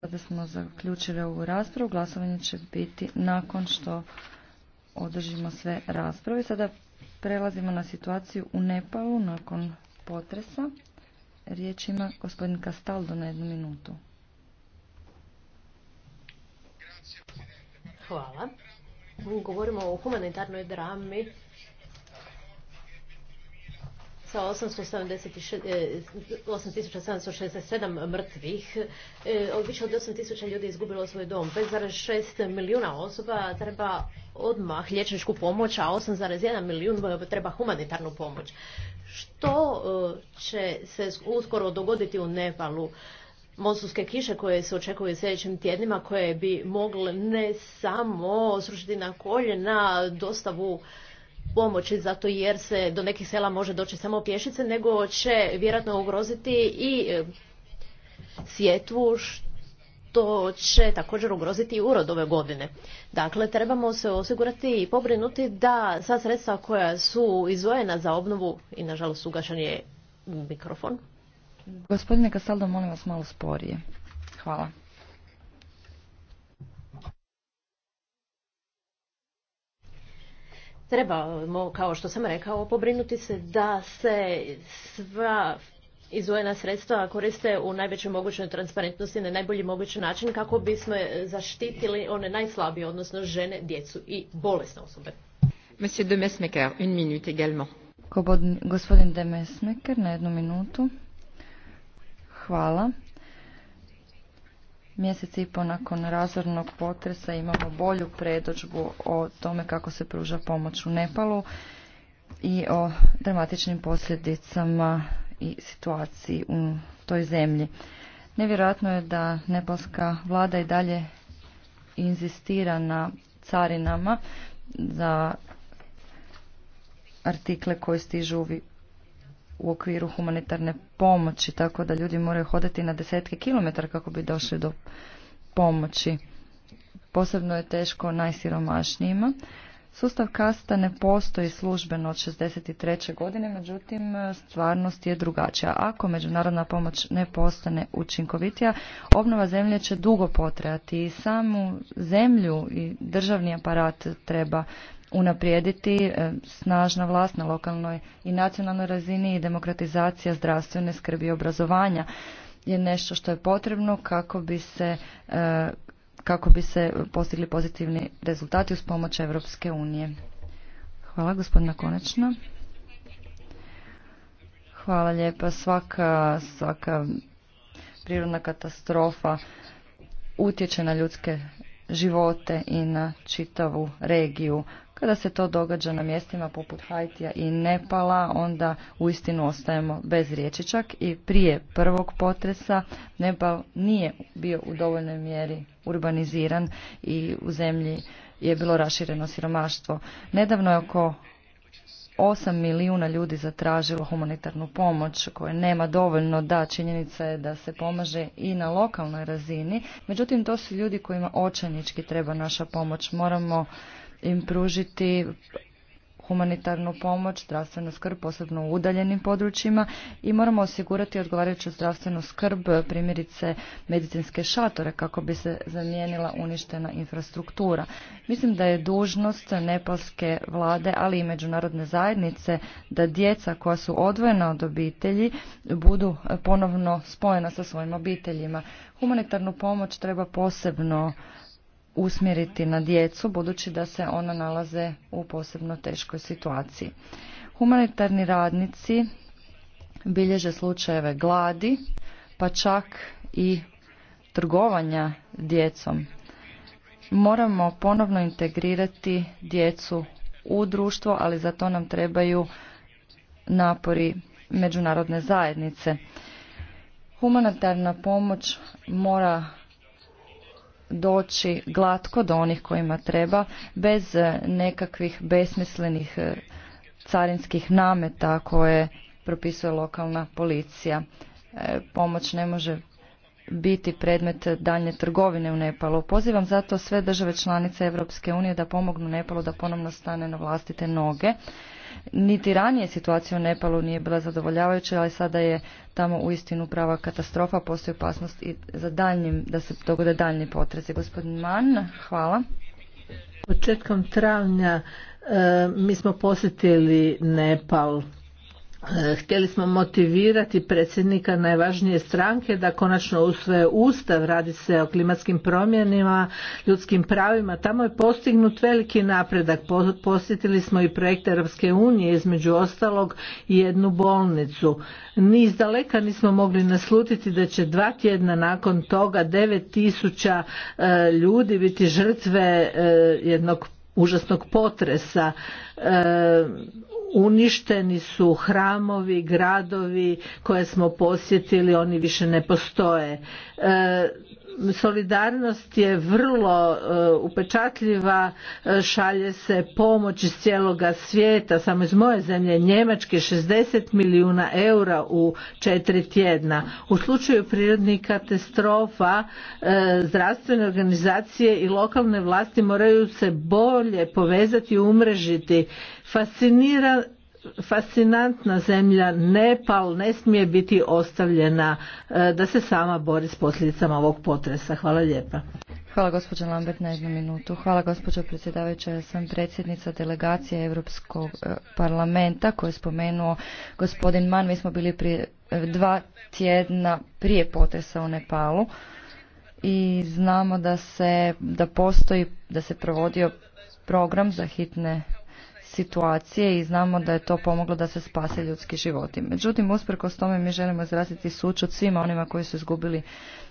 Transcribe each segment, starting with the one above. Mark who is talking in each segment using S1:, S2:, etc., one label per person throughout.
S1: Sada smo zaključili ovu raspravu. Glasovanje će biti nakon što održimo sve rasprave. Sada prelazimo na situaciju u Nepalu nakon potresa. Riječ ima gospodin Kastaldo na jednu minutu.
S2: Hvala. Govorimo o humanitarnoj drami sa 8.767 e, mrtvih. E, više od 8.000 ljudi izgubilo svoj dom. 5,6 milijuna osoba treba odmah lječničku pomoć, a 8,1 milijun treba humanitarnu pomoć. Što e, će se uskoro dogoditi u Nepalu? monsunske kiše koje se očekuju u sljedećim tjednima koje bi mogle ne samo srušiti na koljena dostavu pomoći zato jer se do nekih sela može doći samo pješice, nego će vjerojatno ugroziti i e, sjetvu što će također ugroziti i urod ove godine. Dakle, trebamo se osigurati i pobrinuti da sva sredstva koja su izvojena za obnovu i nažalost ugašan je mikrofon.
S1: Gospodine Kasaldo, molim vas malo sporije. Hvala.
S2: Trebamo, kao što sam rekao, pobrinuti se da se sva izvojena sredstva koriste u najvećoj mogućoj transparentnosti na najbolji mogući način kako bismo zaštitili one najslabije, odnosno žene, djecu i bolesne osobe.
S1: Monsieur de une minute également. Gospodin de na jednu minutu. Hvala mjesec i pol nakon razornog potresa imamo bolju predođbu o tome kako se pruža pomoć u Nepalu i o dramatičnim posljedicama i situaciji u toj zemlji. Nevjerojatno je da nepalska vlada i dalje inzistira na carinama za artikle koji stižu u okviru humanitarne pomoći, tako da ljudi moraju hodati na desetke kilometara kako bi došli do pomoći. Posebno je teško najsiromašnijima. Sustav kasta ne postoji službeno od 63. godine, međutim stvarnost je drugačija. Ako međunarodna pomoć ne postane učinkovitija, obnova zemlje će dugo potrajati i samu zemlju i državni aparat treba unaprijediti e, snažna vlast na lokalnoj i nacionalnoj razini i demokratizacija zdravstvene skrbi i obrazovanja je nešto što je potrebno kako bi se e, kako bi se postigli pozitivni rezultati uz pomoć Europske unije. Hvala gospodina Konečna. Hvala lijepa. Svaka, svaka prirodna katastrofa utječe na ljudske živote i na čitavu regiju. Kada se to događa na mjestima poput Haitija i Nepala, onda uistinu ostajemo bez riječi. Čak i prije prvog potresa Nepal nije bio u dovoljnoj mjeri urbaniziran i u zemlji je bilo rašireno siromaštvo. Nedavno je oko 8 milijuna ljudi zatražilo humanitarnu pomoć koje nema dovoljno, da činjenica je da se pomaže i na lokalnoj razini, međutim to su ljudi kojima očajnički treba naša pomoć. Moramo im pružiti humanitarnu pomoć, zdravstvenu skrb, posebno u udaljenim područjima i moramo osigurati odgovarajuću zdravstvenu skrb, primjerice medicinske šatore kako bi se zamijenila uništena infrastruktura. Mislim da je dužnost nepalske vlade, ali i međunarodne zajednice da djeca koja su odvojena od obitelji budu ponovno spojena sa svojim obiteljima. Humanitarnu pomoć treba posebno usmjeriti na djecu budući da se ona nalaze u posebno teškoj situaciji. Humanitarni radnici bilježe slučajeve gladi, pa čak i trgovanja djecom. Moramo ponovno integrirati djecu u društvo, ali za to nam trebaju napori međunarodne zajednice. Humanitarna pomoć mora doći glatko do onih kojima treba bez e, nekakvih besmislenih e, carinskih nameta koje propisuje lokalna policija. E, pomoć ne može biti predmet daljnje trgovine u Nepalu. Pozivam zato sve države članice Europske unije da pomognu Nepalu da ponovno stane na vlastite noge. Niti ranije situacija u Nepalu nije bila zadovoljavajuća, ali sada je tamo uistinu prava katastrofa, postoji opasnost i za daljnjim, da se dogode daljnji potrezi. Gospodin Mann, hvala. Početkom travnja e,
S3: mi smo posjetili Nepal E, htjeli smo motivirati predsjednika najvažnije stranke da konačno usvoje ustav, radi se o klimatskim promjenima, ljudskim pravima. Tamo je postignut veliki napredak. Posjetili smo i projekt Europske unije, između ostalog i jednu bolnicu. Ni iz daleka nismo mogli naslutiti da će dva tjedna nakon toga 9000 e, ljudi biti žrtve e, jednog užasnog potresa E, uništeni su hramovi, gradovi koje smo posjetili, oni više ne postoje. E, solidarnost je vrlo e, upečatljiva, šalje se pomoć iz cijeloga svijeta, samo iz moje zemlje Njemačke 60 milijuna eura u četiri tjedna. U slučaju prirodnih katastrofa zdravstvene organizacije i lokalne vlasti moraju se bolje povezati i umrežiti Fascinira, fascinantna zemlja Nepal ne smije biti ostavljena e, da se sama bori s posljedicama ovog potresa. Hvala lijepa.
S1: Hvala gospođo Lambert na jednu minutu. Hvala gospođo predsjedavajuća. Ja sam predsjednica delegacije Europskog e, parlamenta koju je spomenuo gospodin Man. Mi smo bili prije e, dva tjedna prije potresa u Nepalu i znamo da se da postoji da se provodio program za hitne situacije i znamo da je to pomoglo da se spase ljudski životi. Međutim, usprkos tome mi želimo izraziti sučut svima onima koji su izgubili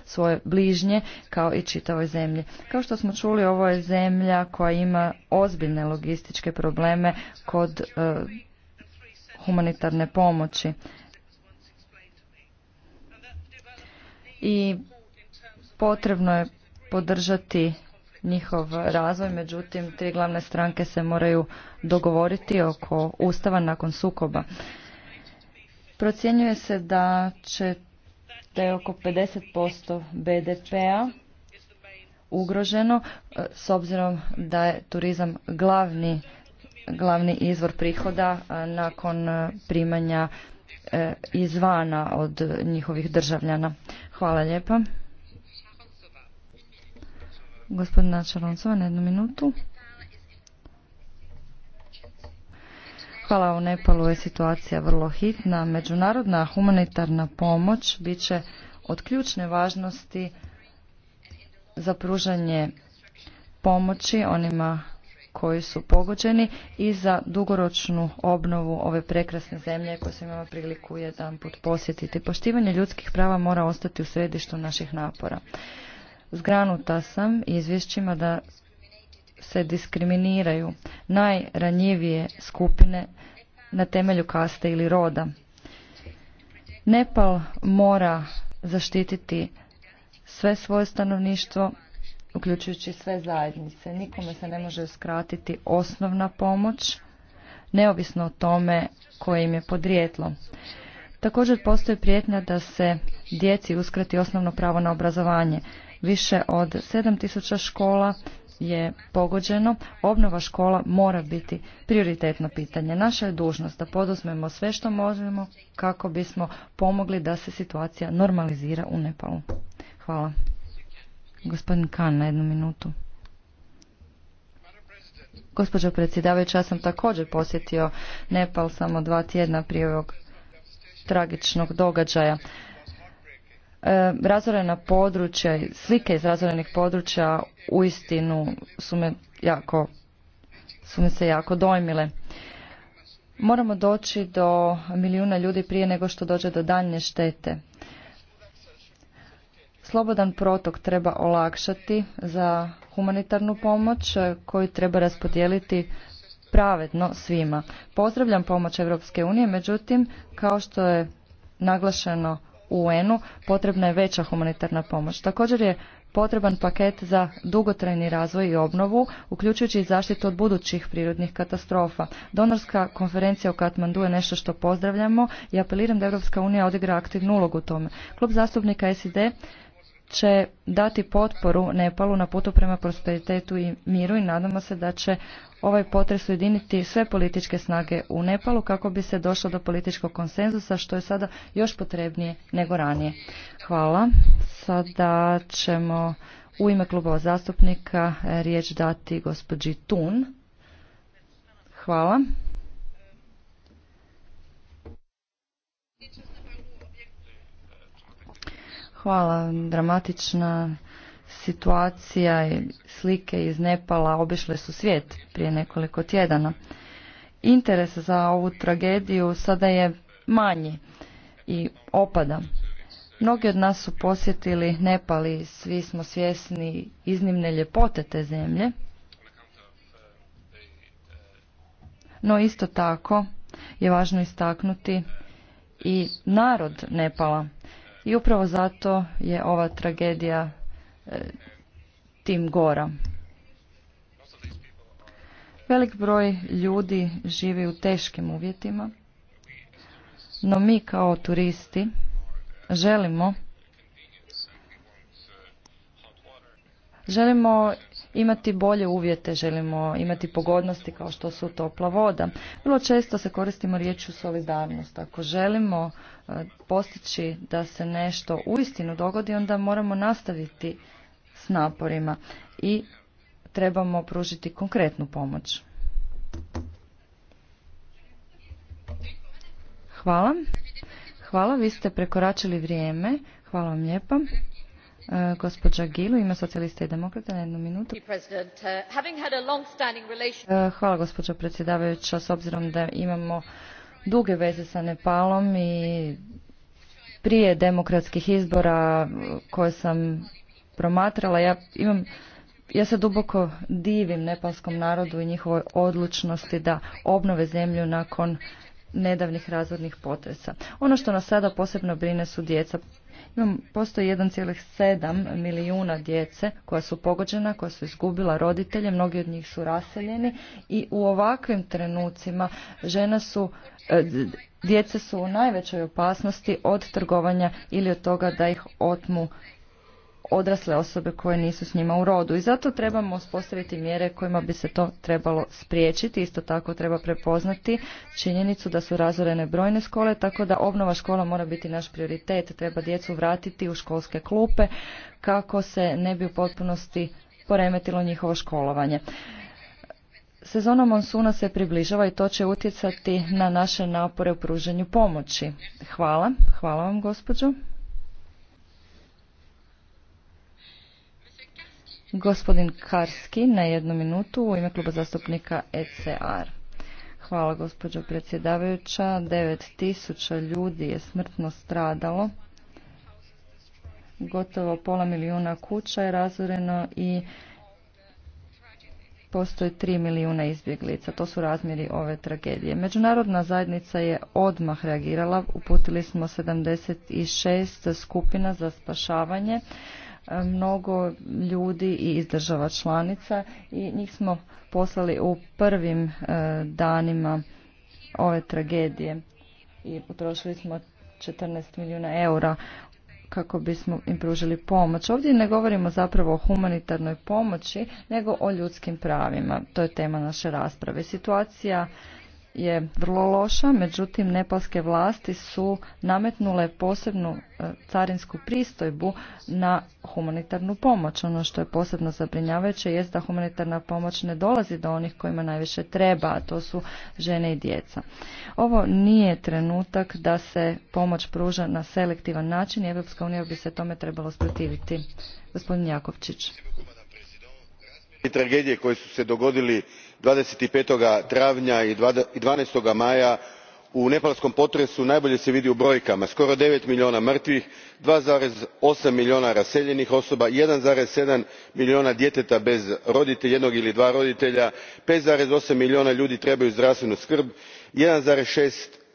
S1: svoje bližnje kao i čitavoj zemlji. Kao što smo čuli, ovo je zemlja koja ima ozbiljne logističke probleme kod e, humanitarne pomoći. I potrebno je podržati njihov razvoj, međutim tri glavne stranke se moraju dogovoriti oko ustava nakon sukoba. Procjenjuje se da će te oko 50% BDP-a ugroženo e, s obzirom da je turizam glavni glavni izvor prihoda e, nakon e, primanja izvana od njihovih državljana. Hvala lijepa. Gospodina Čaroncova, na jednu minutu. Hvala, u Nepalu je situacija vrlo hitna. Međunarodna humanitarna pomoć bit će od ključne važnosti za pružanje pomoći onima koji su pogođeni i za dugoročnu obnovu ove prekrasne zemlje koje sam imala priliku jedan put posjetiti. Poštivanje ljudskih prava mora ostati u središtu naših napora. Zgranuta sam izvješćima da se diskriminiraju najranjivije skupine na temelju kaste ili roda. Nepal mora zaštititi sve svoje stanovništvo, uključujući sve zajednice. Nikome se ne može uskratiti osnovna pomoć, neovisno o tome koje im je podrijetlo. Također postoji prijetnja da se djeci uskrati osnovno pravo na obrazovanje. Više od 7000 škola je pogođeno. Obnova škola mora biti prioritetno pitanje. Naša je dužnost da poduzmemo sve što možemo kako bismo pomogli da se situacija normalizira u Nepalu. Hvala. Gospodin Kan na jednu minutu. Gospođo predsjedavajuća, ja sam također posjetio Nepal samo dva tjedna prije ovog tragičnog događaja. E, razorena područja, slike iz razorenih područja uistinu su me jako su me se jako dojmile. Moramo doći do milijuna ljudi prije nego što dođe do daljnje štete. Slobodan protok treba olakšati za humanitarnu pomoć e, koju treba raspodijeliti pravedno svima. Pozdravljam pomoć Europske unije, međutim, kao što je naglašeno UN-u potrebna je veća humanitarna pomoć. Također je potreban paket za dugotrajni razvoj i obnovu, uključujući i zaštitu od budućih prirodnih katastrofa. Donorska konferencija u Katmandu je nešto što pozdravljamo i apeliram da Europska unija odigra aktivnu ulogu u tome. Klub zastupnika SID će dati potporu Nepalu na putu prema prosperitetu i miru i nadamo se da će ovaj potres ujediniti sve političke snage u Nepalu kako bi se došlo do političkog konsenzusa što je sada još potrebnije nego ranije. Hvala. Sada ćemo u ime klubova zastupnika riječ dati gospođi Tun. Hvala. Hvala. Dramatična situacija i slike iz Nepala obišle su svijet prije nekoliko tjedana. Interes za ovu tragediju sada je manji i opada. Mnogi od nas su posjetili Nepali, svi smo svjesni iznimne ljepote te zemlje. No isto tako je važno istaknuti i narod Nepala i upravo zato je ova tragedija e, tim gora. Velik broj ljudi živi u teškim uvjetima, no mi kao turisti želimo želimo imati bolje uvjete, želimo imati pogodnosti kao što su topla voda. Vrlo često se koristimo riječju solidarnost. Ako želimo E, postići da se nešto uistinu dogodi, onda moramo nastaviti s naporima i trebamo pružiti konkretnu pomoć. Hvala. Hvala, vi ste prekoračili vrijeme. Hvala vam lijepa. E, Gilu, ima socijalista i demokrata na jednu minutu.
S2: Uh, e,
S1: hvala, gospođo predsjedavajuća, s obzirom da imamo duge veze sa Nepalom i prije demokratskih izbora koje sam promatrala, ja imam ja se duboko divim nepalskom narodu i njihovoj odlučnosti da obnove zemlju nakon nedavnih razvodnih potresa. Ono što nas sada posebno brine su djeca. Postoji 1,7 milijuna djece koja su pogođena, koja su izgubila roditelje, mnogi od njih su raseljeni i u ovakvim trenucima žena su, e, djece su u najvećoj opasnosti od trgovanja ili od toga da ih otmu odrasle osobe koje nisu s njima u rodu i zato trebamo uspostaviti mjere kojima bi se to trebalo spriječiti. Isto tako treba prepoznati činjenicu da su razorene brojne škole, tako da obnova škola mora biti naš prioritet. Treba djecu vratiti u školske klupe kako se ne bi u potpunosti poremetilo njihovo školovanje. Sezona monsuna se približava i to će utjecati na naše napore u pruženju pomoći. Hvala. Hvala vam, gospođo. Gospodin Karski na jednu minutu u ime kluba zastupnika ECR. Hvala gospođo predsjedavajuća. 9000 ljudi je smrtno stradalo. Gotovo pola milijuna kuća je razoreno i postoje 3 milijuna izbjeglica. To su razmjeri ove tragedije. Međunarodna zajednica je odmah reagirala. Uputili smo 76 skupina za spašavanje mnogo ljudi i iz država članica i njih smo poslali u prvim e, danima ove tragedije i potrošili smo 14 milijuna eura kako bismo im pružili pomoć. Ovdje ne govorimo zapravo o humanitarnoj pomoći, nego o ljudskim pravima. To je tema naše rasprave. Situacija je vrlo loša, međutim nepalske vlasti su nametnule posebnu e, carinsku pristojbu na humanitarnu pomoć. Ono što je posebno zabrinjavajuće jest da humanitarna pomoć ne dolazi do onih kojima najviše treba, a to su žene i djeca. Ovo nije trenutak da se pomoć pruža na selektivan način i Europska unija bi se tome trebalo sprotiviti. Gospodin Jakovčić.
S4: Tragedije koje su se dogodili twenty five travnja i. twelve maja u nepalskom potresu najbolje se vidi u brojkama skoro devet milijuna mrtvih two eight milijuna raseljenih osoba one seven milijuna djeteta bez roditelja jednog ili dva roditelja five milijuna ljudi trebaju zdravstvenu skrb one six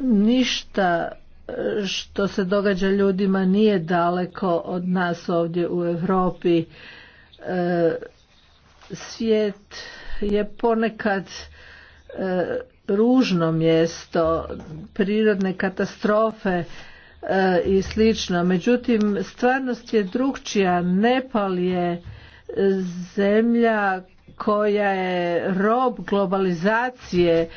S3: ništa e, što se događa ljudima nije daleko od nas ovdje u Europi. E, svijet je ponekad e, ružno mjesto, prirodne katastrofe i slično. Međutim, stvarnost je drukčija. Nepal je zemlja koja je rob globalizacije,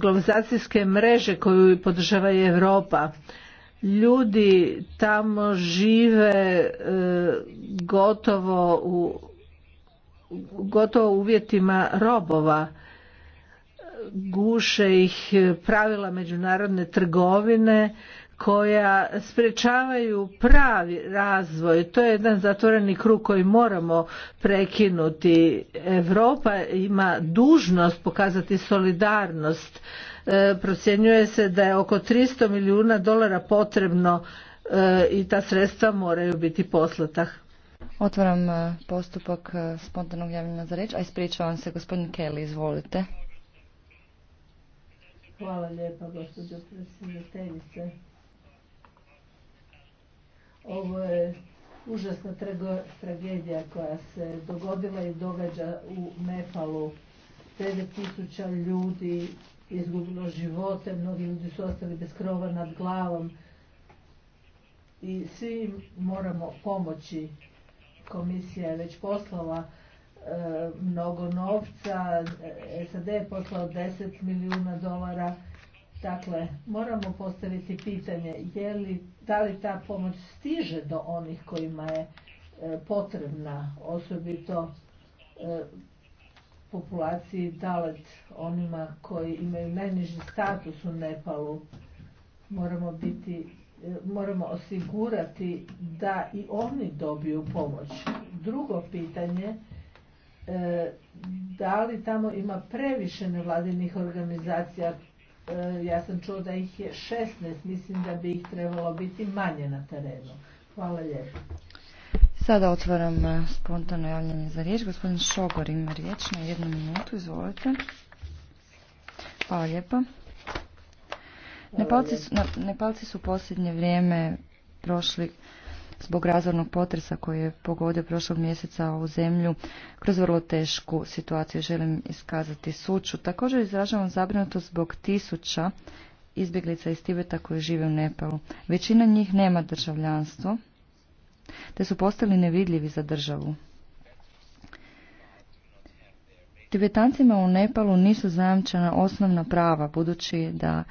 S3: globalizacijske mreže koju podržava i Europa. Ljudi tamo žive e, gotovo u gotovo uvjetima robova guše ih pravila međunarodne trgovine koja sprečavaju pravi razvoj. To je jedan zatvoreni krug koji moramo prekinuti. Europa ima dužnost pokazati solidarnost. E, procjenjuje se da je oko 300 milijuna dolara potrebno e, i ta sredstva moraju biti poslata.
S1: Otvaram e, postupak spontanog javnog za reč, a ispričavam se gospodin Kelly, izvolite.
S3: Hvala lijepa gospođo predsjedateljice. Ovo je užasna tragedija koja se dogodila i događa u Nepalu. tisuća ljudi izgubilo živote, mnogi ljudi su ostali bez krova nad glavom i svi moramo pomoći. Komisija je već poslala e, mnogo novca, SAD je poslao 10 milijuna dolara, Dakle, moramo postaviti pitanje je li, da li ta pomoć stiže do onih kojima je e, potrebna, osobito e, populaciji dalet onima koji imaju najniži status u Nepalu. Moramo biti e, moramo osigurati da i oni dobiju pomoć. Drugo pitanje da li tamo ima previše nevladinih organizacija E, ja sam čuo da ih je 16, mislim da bi ih trebalo biti manje na terenu. Hvala lijepo.
S1: Sada otvaram e, spontano javljanje za riječ. Gospodin Šogor ima riječ na jednu minutu, izvolite. Hvala lijepo. Nepalci su, Nepalci su u posljednje vrijeme prošli zbog razornog potresa koji je pogodio prošlog mjeseca ovu zemlju kroz vrlo tešku situaciju. Želim iskazati suču. Također izražavam zabrinutost zbog tisuća izbjeglica iz Tibeta koji žive u Nepalu. Većina njih nema državljanstvo, te su postali nevidljivi za državu. Tibetancima u Nepalu nisu zajamčena osnovna prava, budući da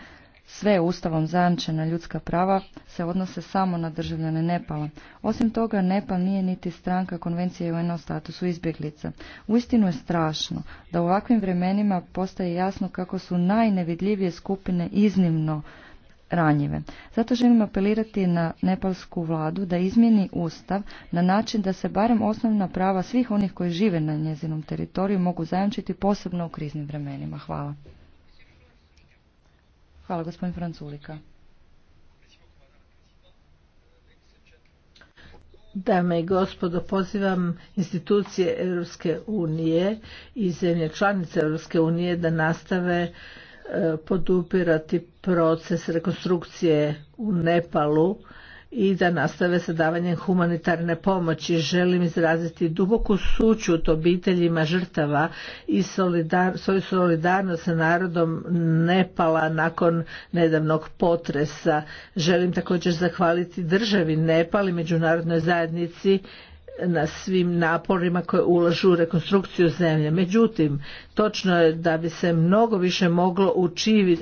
S1: sve ustavom zajamčena ljudska prava se odnose samo na državljane Nepala. Osim toga, Nepal nije niti stranka konvencije UN o statusu izbjeglica. Uistinu je strašno da u ovakvim vremenima postaje jasno kako su najnevidljivije skupine iznimno ranjive. Zato želim apelirati na nepalsku vladu da izmjeni ustav na način da se barem osnovna prava svih onih koji žive na njezinom teritoriju mogu zajamčiti posebno u kriznim vremenima. Hvala. Hvala, gospodin Franculika. Dame i
S3: gospodo, pozivam institucije Europske unije i zemlje članice Europske unije da nastave e, podupirati proces rekonstrukcije u Nepalu i da nastave sa davanjem humanitarne pomoći. Želim izraziti duboku sućut obiteljima žrtava i svoju solidarnost sa narodom Nepala nakon nedavnog potresa. Želim također zahvaliti državi Nepal i međunarodnoj zajednici na svim naporima koje ulažu u rekonstrukciju zemlje. Međutim, točno je da bi se mnogo više moglo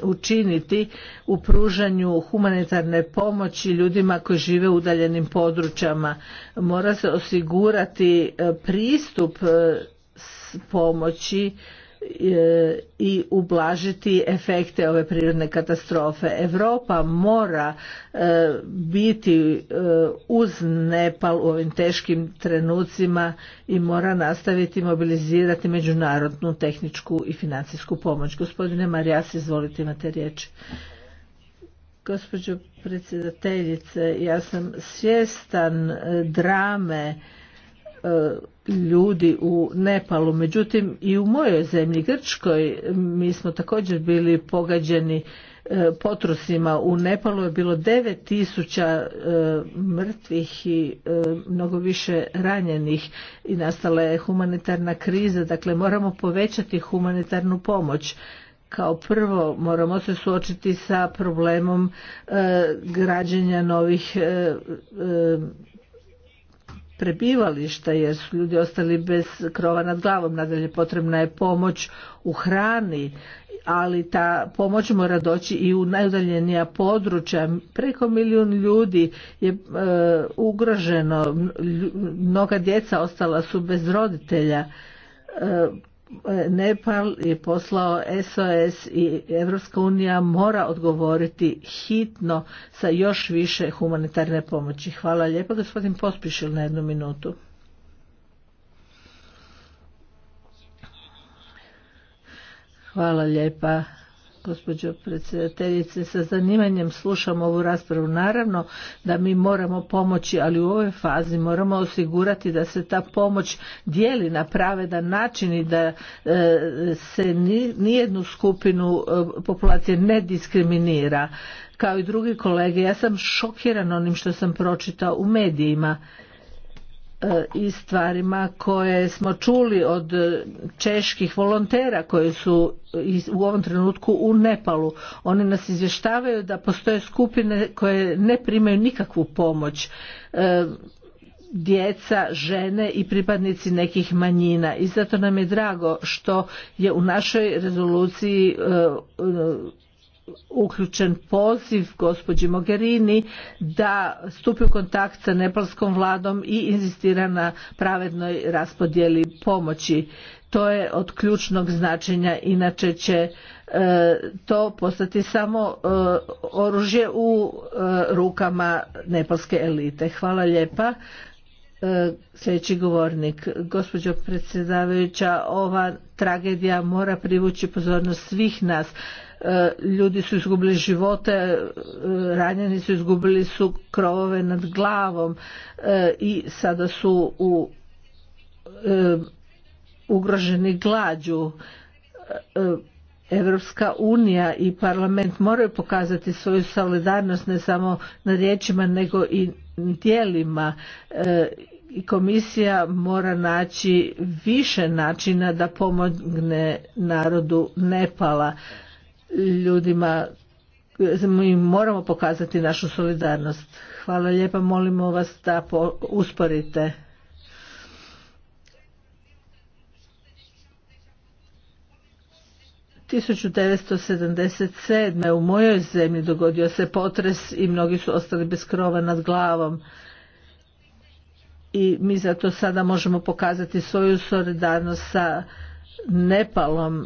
S3: učiniti u pružanju humanitarne pomoći ljudima koji žive u udaljenim područjama. Mora se osigurati e, pristup e, pomoći E, i ublažiti efekte ove prirodne katastrofe. Europa mora e, biti e, uz Nepal u ovim teškim trenucima i mora nastaviti mobilizirati međunarodnu tehničku i financijsku pomoć. Gospodine Marijas, izvolite imate riječ. Gospođo predsjedateljice, ja sam svjestan drame E, ljudi u Nepalu. Međutim, i u mojoj zemlji Grčkoj mi smo također bili pogađeni e, potrusima. U Nepalu je bilo 9000 e, mrtvih i mnogo više ranjenih i nastala je humanitarna kriza. Dakle, moramo povećati humanitarnu pomoć kao prvo moramo se suočiti sa problemom građenja novih prebivališta jer su ljudi ostali bez krova nad glavom. Nadalje potrebna je pomoć u hrani, ali ta pomoć mora doći i u najudaljenija područja. Preko milijun ljudi je e, ugroženo, mnoga djeca ostala su bez roditelja. E, Nepal je poslao SOS i Evropska unija mora odgovoriti hitno sa još više humanitarne pomoći. Hvala lijepo gospodin Pospišil na jednu minutu. Hvala lijepa gospođo predsjedateljice. Sa zanimanjem slušam ovu raspravu. Naravno da mi moramo pomoći, ali u ovoj fazi moramo osigurati da se ta pomoć dijeli na pravedan način i da e, se nijednu skupinu e, populacije ne diskriminira. Kao i drugi kolege, ja sam šokiran onim što sam pročitao u medijima E, i stvarima koje smo čuli od čeških volontera koji su u ovom trenutku u Nepalu. Oni nas izvještavaju da postoje skupine koje ne primaju nikakvu pomoć e, djeca, žene i pripadnici nekih manjina. I zato nam je drago što je u našoj rezoluciji e, uključen poziv gospođi Mogherini da stupi u kontakt sa nepalskom vladom i inzistira na pravednoj raspodjeli pomoći. To je od ključnog značenja, inače će e, to postati samo e, oružje u e, rukama nepalske elite. Hvala lijepa. Sljedeći govornik, gospođo predsjedavajuća, ova tragedija mora privući pozornost svih nas. E, ljudi su izgubili živote, e, ranjeni su izgubili su krovove nad glavom e, i sada su u ugroženi glađu. Evropska unija i parlament moraju pokazati svoju solidarnost ne samo na riječima nego i dijelima i komisija mora naći više načina da pomogne narodu Nepala ljudima mi moramo pokazati našu solidarnost. Hvala lijepa, molimo vas da po, usporite. tisuća u mojoj zemlji dogodio se potres i mnogi su ostali bez krova nad glavom i mi zato sada možemo pokazati svoju solidarnost sa Nepalom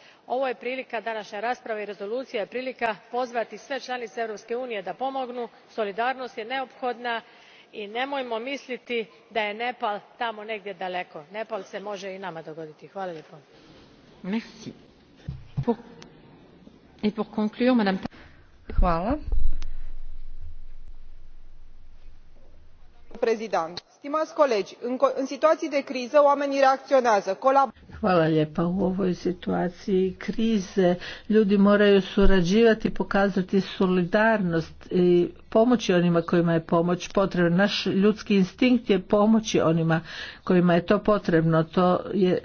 S2: ovo je prilika današnja rasprava i rezolucija je prilika pozvati sve članice europske unije da pomognu solidarnost je neophodna i nemojmo misliti da je nepal tamo negdje daleko nepal se može i nama dogoditi. hvala
S3: stimați colegi în situații de criză oamenii reacționează Hvala lijepa. U ovoj situaciji krize ljudi moraju surađivati, pokazati solidarnost i pomoći onima kojima je pomoć potrebna. Naš ljudski instinkt je pomoći onima kojima je to potrebno. To je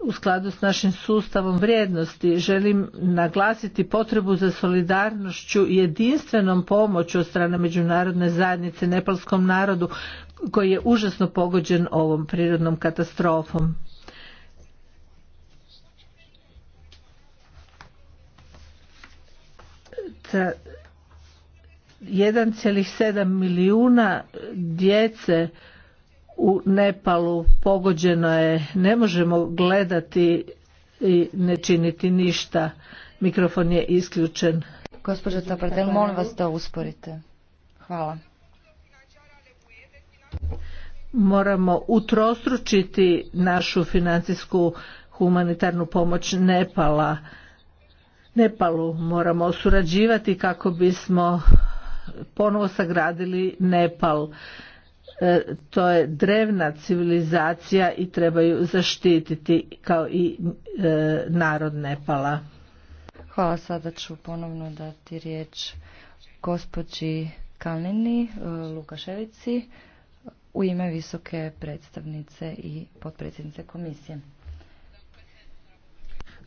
S3: u skladu s našim sustavom vrijednosti želim naglasiti potrebu za solidarnošću i jedinstvenom pomoću od strane međunarodne zajednice nepalskom narodu koji je užasno pogođen ovom prirodnom katastrofom. Ta 1,7 milijuna djece u Nepalu pogođeno je. Ne možemo gledati i ne činiti ništa. Mikrofon je isključen. Gospođo Tapardel, molim vas da usporite. Hvala moramo utrostručiti našu financijsku humanitarnu pomoć Nepala. Nepalu moramo surađivati kako bismo ponovo sagradili Nepal. E, to je drevna civilizacija i trebaju zaštititi kao i
S1: e, narod Nepala. Hvala, sada ću ponovno dati riječ gospođi Kalnini e, Lukaševici u ime visoke predstavnice i potpredsjednice komisije.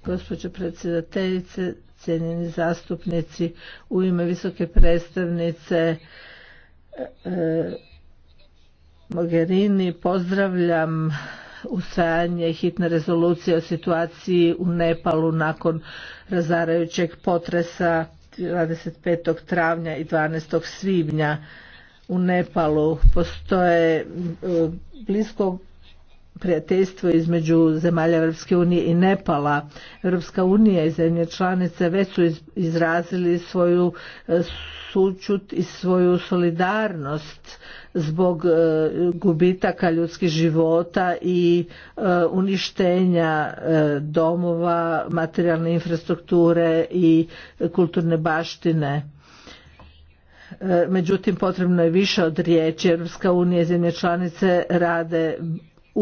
S1: Gospođo predsjedateljice, cijenjeni zastupnici,
S3: u ime visoke predstavnice e, Mogherini pozdravljam usvajanje hitne rezolucije o situaciji u Nepalu nakon razarajućeg potresa 25. travnja i 12. svibnja u Nepalu. Postoje e, blisko prijateljstvo između zemalja Europske unije i Nepala. Europska unija i zemlje članice već su izrazili svoju e, sućut i svoju solidarnost zbog e, gubitaka ljudskih života i uništenja domova, materijalne infrastrukture i kulturne baštine E, međutim potrebno je više od riječi. Europska unija i zemlje članice rade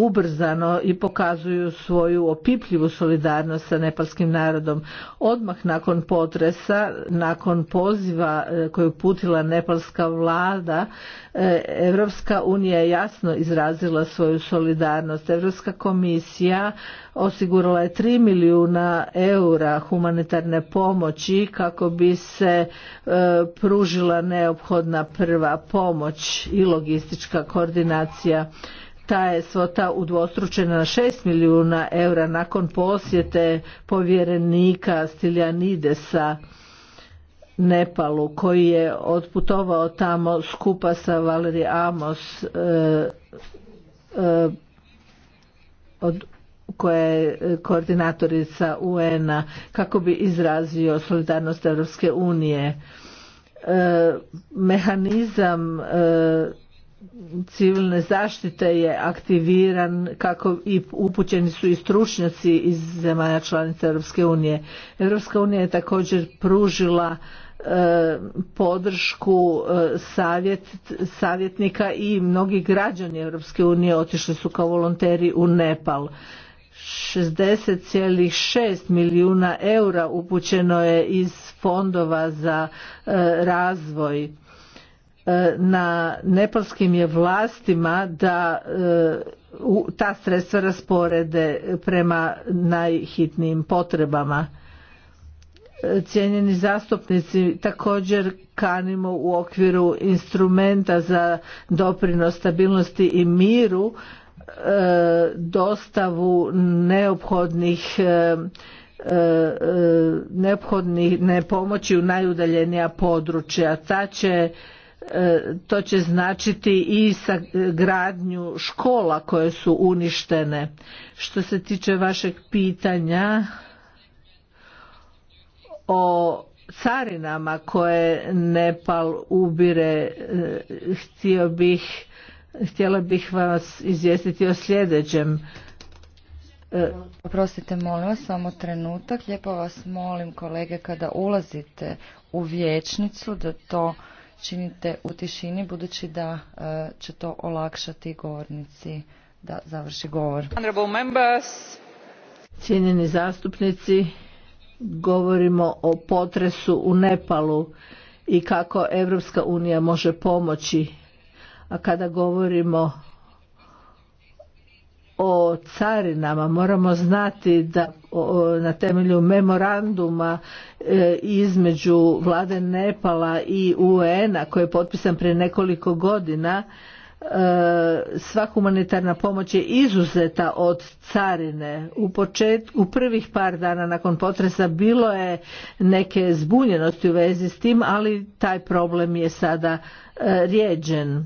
S3: ubrzano i pokazuju svoju opipljivu solidarnost sa nepalskim narodom. Odmah nakon potresa, nakon poziva e, koju putila nepalska vlada, e, Evropska unija je jasno izrazila svoju solidarnost. Evropska komisija osigurala je 3 milijuna eura humanitarne pomoći kako bi se e, pružila neophodna prva pomoć i logistička koordinacija ta je svota udvostručena na 6 milijuna eura nakon posjete povjerenika Stiljanidesa Nepalu koji je otputovao tamo skupa sa Valeri Amos e, e, koja je koordinatorica UN-a kako bi izrazio solidarnost Europske unije. E, mehanizam civilne zaštite je aktiviran kako i upućeni su i stručnjaci iz zemalja članica Europske unije. Europska unija je također pružila e, podršku e, savjet, savjetnika i mnogi građani Europske unije otišli su kao volonteri u Nepal. 60,6 milijuna eura upućeno je iz fondova za e, razvoj E, na nepalskim je vlastima da e, ta sredstva rasporede prema najhitnijim potrebama. E, cijenjeni zastupnici, također kanimo u okviru instrumenta za doprinos stabilnosti i miru dostavu neophodnih neophodnih pomoći u najudaljenija područja. Ta će E, to će značiti i sa gradnju škola koje su uništene. Što se tiče vašeg pitanja o carinama koje Nepal ubire, e, htio bih, htjela
S1: bih vas izvijestiti o sljedećem. E, Oprostite, molim vas, samo trenutak. Lijepo vas molim, kolege, kada ulazite u vječnicu, da to činite u tišini budući da e, će to olakšati govornici da završi govor. Cijenjeni
S3: zastupnici, govorimo o potresu u Nepalu i kako Europska unija može pomoći. A kada govorimo o carinama moramo znati da na temelju memoranduma e, između vlade Nepala i UN-a koji je potpisan prije nekoliko godina E, sva humanitarna pomoć je izuzeta od carine. U, počet, u prvih par dana nakon potresa bilo je neke zbunjenosti u vezi s tim, ali taj problem je sada e, rijeđen. E,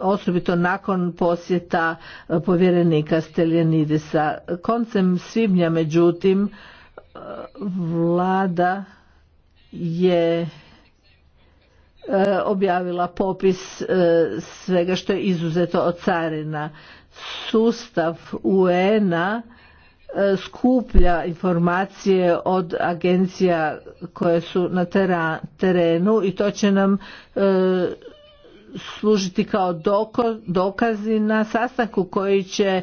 S3: osobito nakon posjeta povjerenika Steljanidisa. Koncem svibnja, međutim, vlada je E, objavila popis e, svega što je izuzeto od carina. Sustav UN-a e, skuplja informacije od agencija koje su na terenu i to će nam služiti kao dokazi na sastanku koji će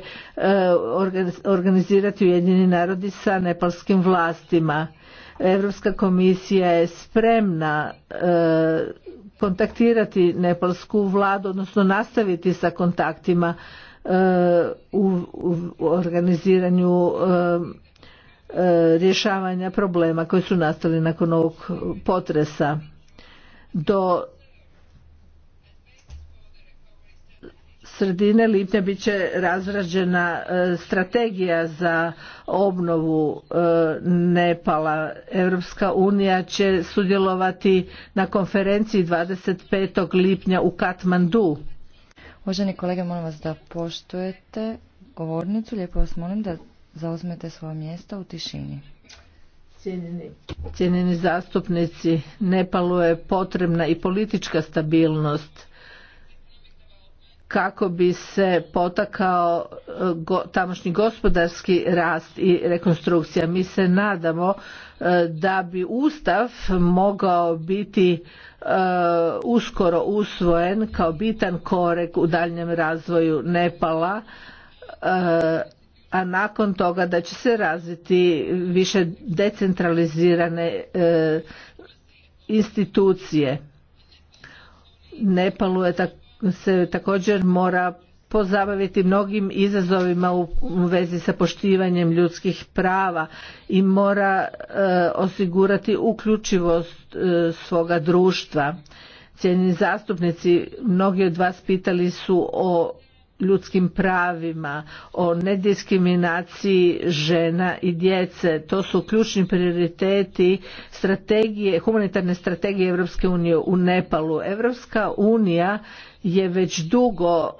S3: organizirati Ujedinjeni narodi sa nepalskim vlastima Europska komisija je spremna e, kontaktirati nepalsku vladu, odnosno nastaviti sa kontaktima e, u organiziranju e, rješavanja problema koji su nastali nakon ovog potresa. Do sredine lipnja bit će razrađena e, strategija za obnovu e, Nepala. Europska unija će sudjelovati na konferenciji 25. lipnja u Katmandu.
S1: Uvaženi kolege, molim vas da poštujete govornicu. Lijepo vas molim da zauzmete svoje mjesta u tišini.
S3: Cijenjeni, cijenjeni zastupnici, Nepalu je potrebna i politička stabilnost kako bi se potakao e, tamošnji gospodarski rast i rekonstrukcija. Mi se nadamo e, da bi Ustav mogao biti e, uskoro usvojen kao bitan korek u daljnjem razvoju Nepala a nakon toga da će se razviti više decentralizirane institucije. Nepalu je tako se također mora pozabaviti mnogim izazovima u vezi sa poštivanjem ljudskih prava i mora e, osigurati uključivost e, svoga društva. Cijenjeni zastupnici, mnogi od vas pitali su o ljudskim pravima, o nediskriminaciji žena i djece. To su ključni prioriteti strategije, humanitarne strategije Europske unije u Nepalu. Europska unija je već dugo eh,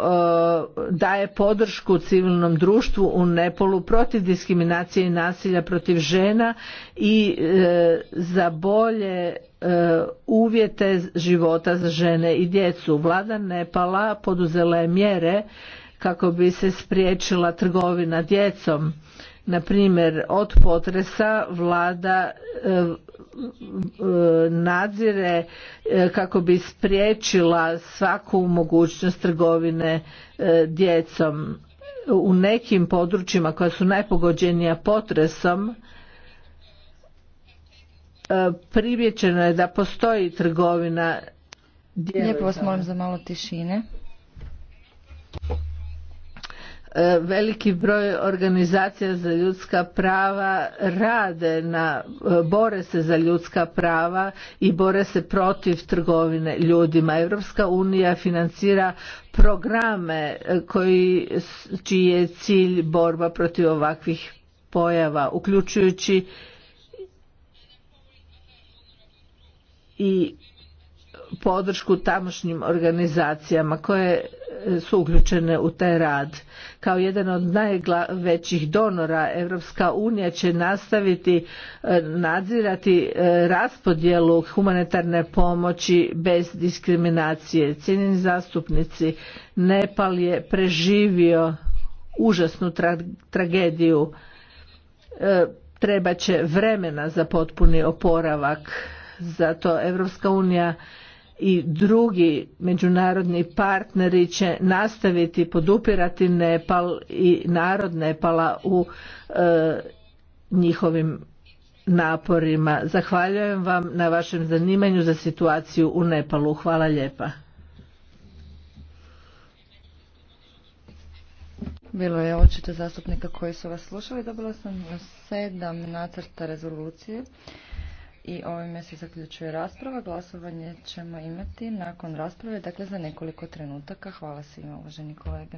S3: daje podršku civilnom društvu u Nepolu protiv diskriminacije i nasilja protiv žena i eh, za bolje eh, uvjete života za žene i djecu. Vlada Nepala poduzela je mjere kako bi se spriječila trgovina djecom na primjer od potresa vlada e, e, nadzire e, kako bi spriječila svaku mogućnost trgovine djecom u nekim područjima koja su najpogođenija potresom primijećeno je da postoji trgovina
S1: djevojka. Lijepo vas molim za malo tišine.
S3: E, veliki broj organizacija za ljudska prava rade na e, bore se za ljudska prava i bore se protiv trgovine ljudima Europska unija financira programe e, koji čiji je cilj borba protiv ovakvih pojava uključujući i podršku tamošnjim organizacijama koje su uključene u taj rad. Kao jedan od najvećih donora Europska unija će nastaviti e, nadzirati e, raspodjelu humanitarne pomoći bez diskriminacije. Cijenjeni zastupnici, Nepal je preživio užasnu tragediju. E, treba će vremena za potpuni oporavak. Zato Europska unija i drugi međunarodni partneri će nastaviti podupirati Nepal i narod Nepala u e, njihovim naporima. Zahvaljujem vam na vašem zanimanju za situaciju u Nepalu. Hvala lijepa.
S1: Bilo je očito zastupnika koji su vas slušali. Dobila sam sedam nacrta rezolucije. I ovime se zaključuje rasprava. Glasovanje ćemo imati nakon rasprave, dakle za nekoliko trenutaka. Hvala svima, uvaženi kolege.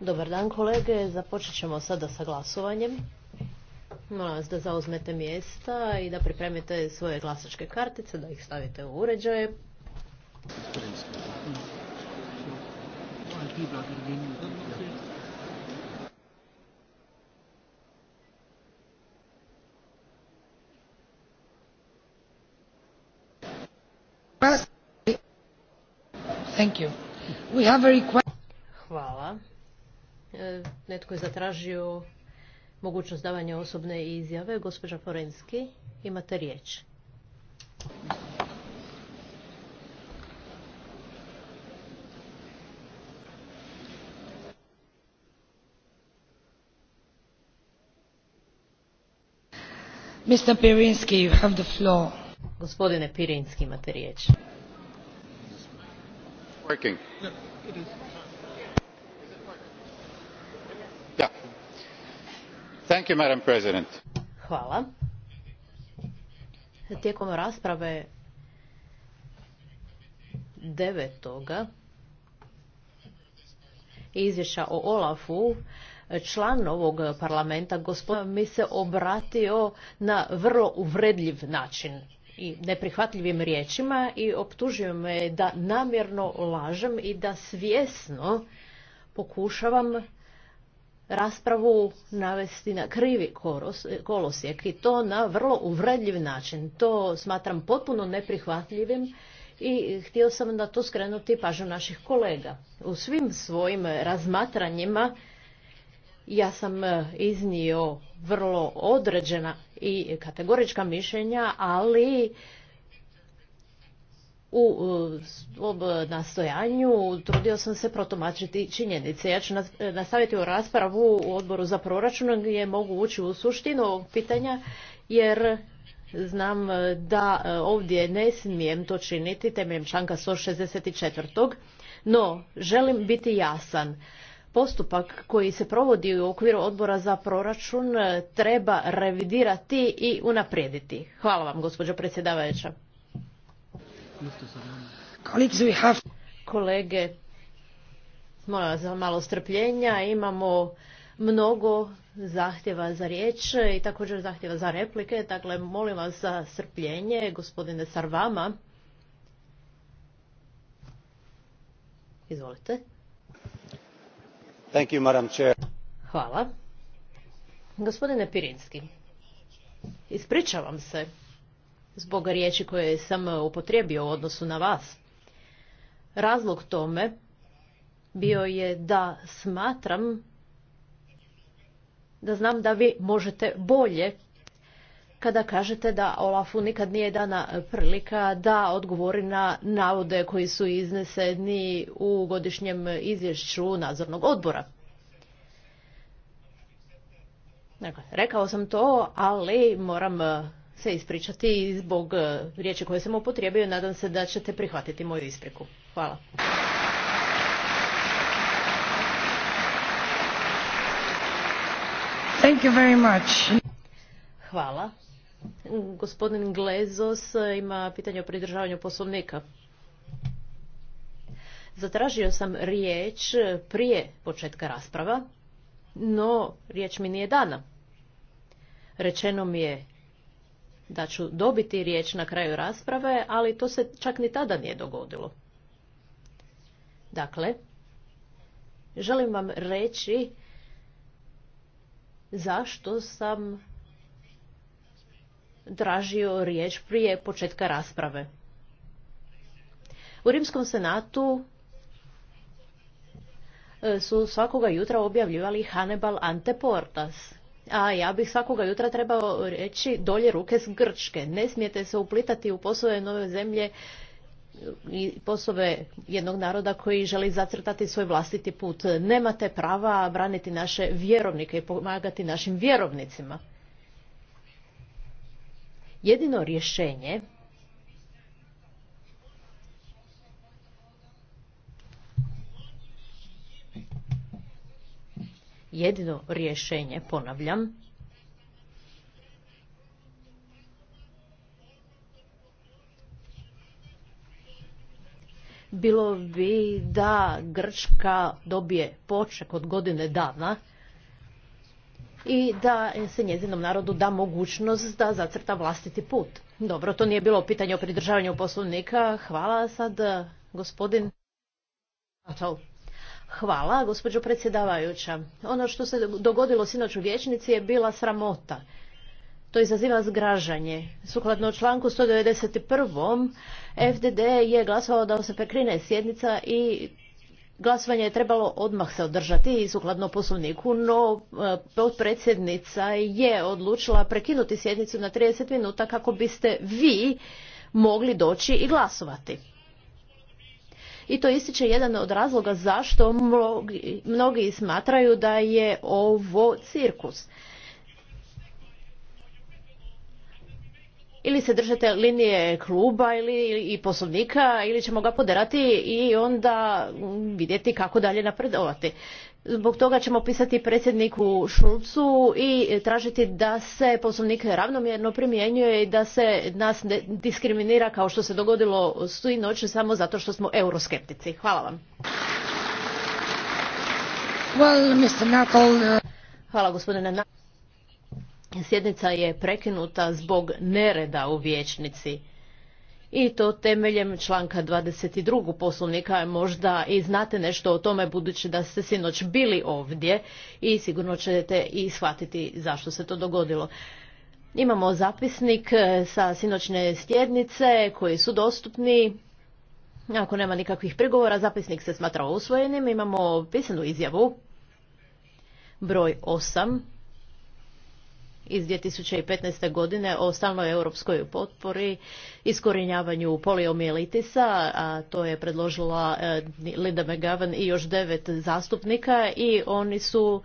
S2: Dobar dan kolege, započet ćemo sada sa glasovanjem. Molim vas da zauzmete mjesta i da pripremite svoje glasačke kartice, da ih stavite u uređaje. Hvala. E, netko je zatražio mogućnost davanja osobne izjave. Gospođa Forenski, imate riječ. Mr. Pirinski, you have the floor. Gospodine Pirinski, imate riječ working? Hvala. Tijekom rasprave devetoga izvješća o Olafu, član ovog parlamenta, gospodin, mi se obratio na vrlo uvredljiv način i neprihvatljivim riječima i optužio me da namjerno lažem i da svjesno pokušavam raspravu navesti na krivi kolosijek i to na vrlo uvredljiv način. To smatram potpuno neprihvatljivim i htio sam na to skrenuti pažnju naših kolega. U svim svojim razmatranjima ja sam e, iznio vrlo određena i kategorička mišljenja, ali u svom nastojanju trudio sam se protumačiti činjenice. Ja ću nastaviti u raspravu u odboru za proračun gdje mogu ući u suštinu ovog pitanja jer znam da e, ovdje ne smijem to činiti temeljem članka 164. No, želim biti jasan postupak koji se provodi u okviru odbora za proračun e, treba revidirati i unaprijediti. Hvala vam, gospođo predsjedavajuća. Kolege, molim vas za malo strpljenja. Imamo mnogo zahtjeva za riječ i također zahtjeva za replike. Dakle, molim vas za strpljenje, gospodine Sarvama. Izvolite. Hvala. Gospodine Pirinski, ispričavam se zbog riječi koje sam upotrijebio u odnosu na vas. Razlog tome bio je da smatram da znam da vi možete bolje kada kažete da Olafu nikad nije dana prilika da odgovori na navode koji su izneseni u godišnjem izvješću nadzornog odbora. Dakle, rekao sam to, ali moram e, se ispričati zbog e, riječi koje sam upotrijebio. Nadam se da ćete prihvatiti moju ispriku. Hvala.
S1: Thank you very much.
S2: Hvala. Gospodin Glezos ima pitanje o pridržavanju poslovnika. Zatražio sam riječ prije početka rasprava, no riječ mi nije dana. Rečeno mi je da ću dobiti riječ na kraju rasprave, ali to se čak ni tada nije dogodilo. Dakle, želim vam reći zašto sam tražio riječ prije početka rasprave. U Rimskom senatu e, su svakoga jutra objavljivali Hannibal Anteportas. A ja bih svakoga jutra trebao reći dolje ruke s Grčke. Ne smijete se uplitati u poslove nove zemlje i poslove jednog naroda koji želi zacrtati svoj vlastiti put. Nemate prava braniti naše vjerovnike i pomagati našim vjerovnicima. Jedino rješenje jedino rješenje, ponavljam, bilo bi da Grčka dobije poček od godine dana i da se njezinom narodu da mogućnost da zacrta vlastiti put. Dobro, to nije bilo pitanje o pridržavanju poslovnika. Hvala sad, e, gospodin. Hvala, gospođo predsjedavajuća. Ono što se dogodilo sinoć u vječnici je bila sramota. To izaziva zgražanje. Sukladno članku 191. FDD je glasovao da se prekrine sjednica i Glasovanje je trebalo odmah se održati i sukladno poslovniku, no e, potpredsjednica je odlučila prekinuti sjednicu na 30 minuta kako biste vi mogli doći i glasovati. I to ističe jedan od razloga zašto mnogi smatraju da je ovo cirkus. ili se držite linije kluba ili i poslovnika ili ćemo ga poderati i onda vidjeti kako dalje napredovati. Zbog toga ćemo pisati predsjedniku Šulcu i tražiti da se poslovnik ravnomjerno primjenjuje i da se nas ne diskriminira kao što se dogodilo su i noći samo zato što smo euroskeptici. Hvala vam.
S1: Uh,
S2: Hvala gospodine Sjednica je prekinuta zbog nereda u vijećnici. I to temeljem članka 22. poslovnika možda i znate nešto o tome budući da ste sinoć bili ovdje i sigurno ćete i shvatiti zašto se to dogodilo. Imamo zapisnik e, sa sinoćne sjednice koji su dostupni. Ako nema nikakvih prigovora, zapisnik se smatra usvojenim. Imamo pisanu izjavu broj 8 iz 2015. godine o stalnoj europskoj potpori iskorinjavanju poliomijelitisa, a to je predložila eh, Linda McGovern i još devet zastupnika i oni su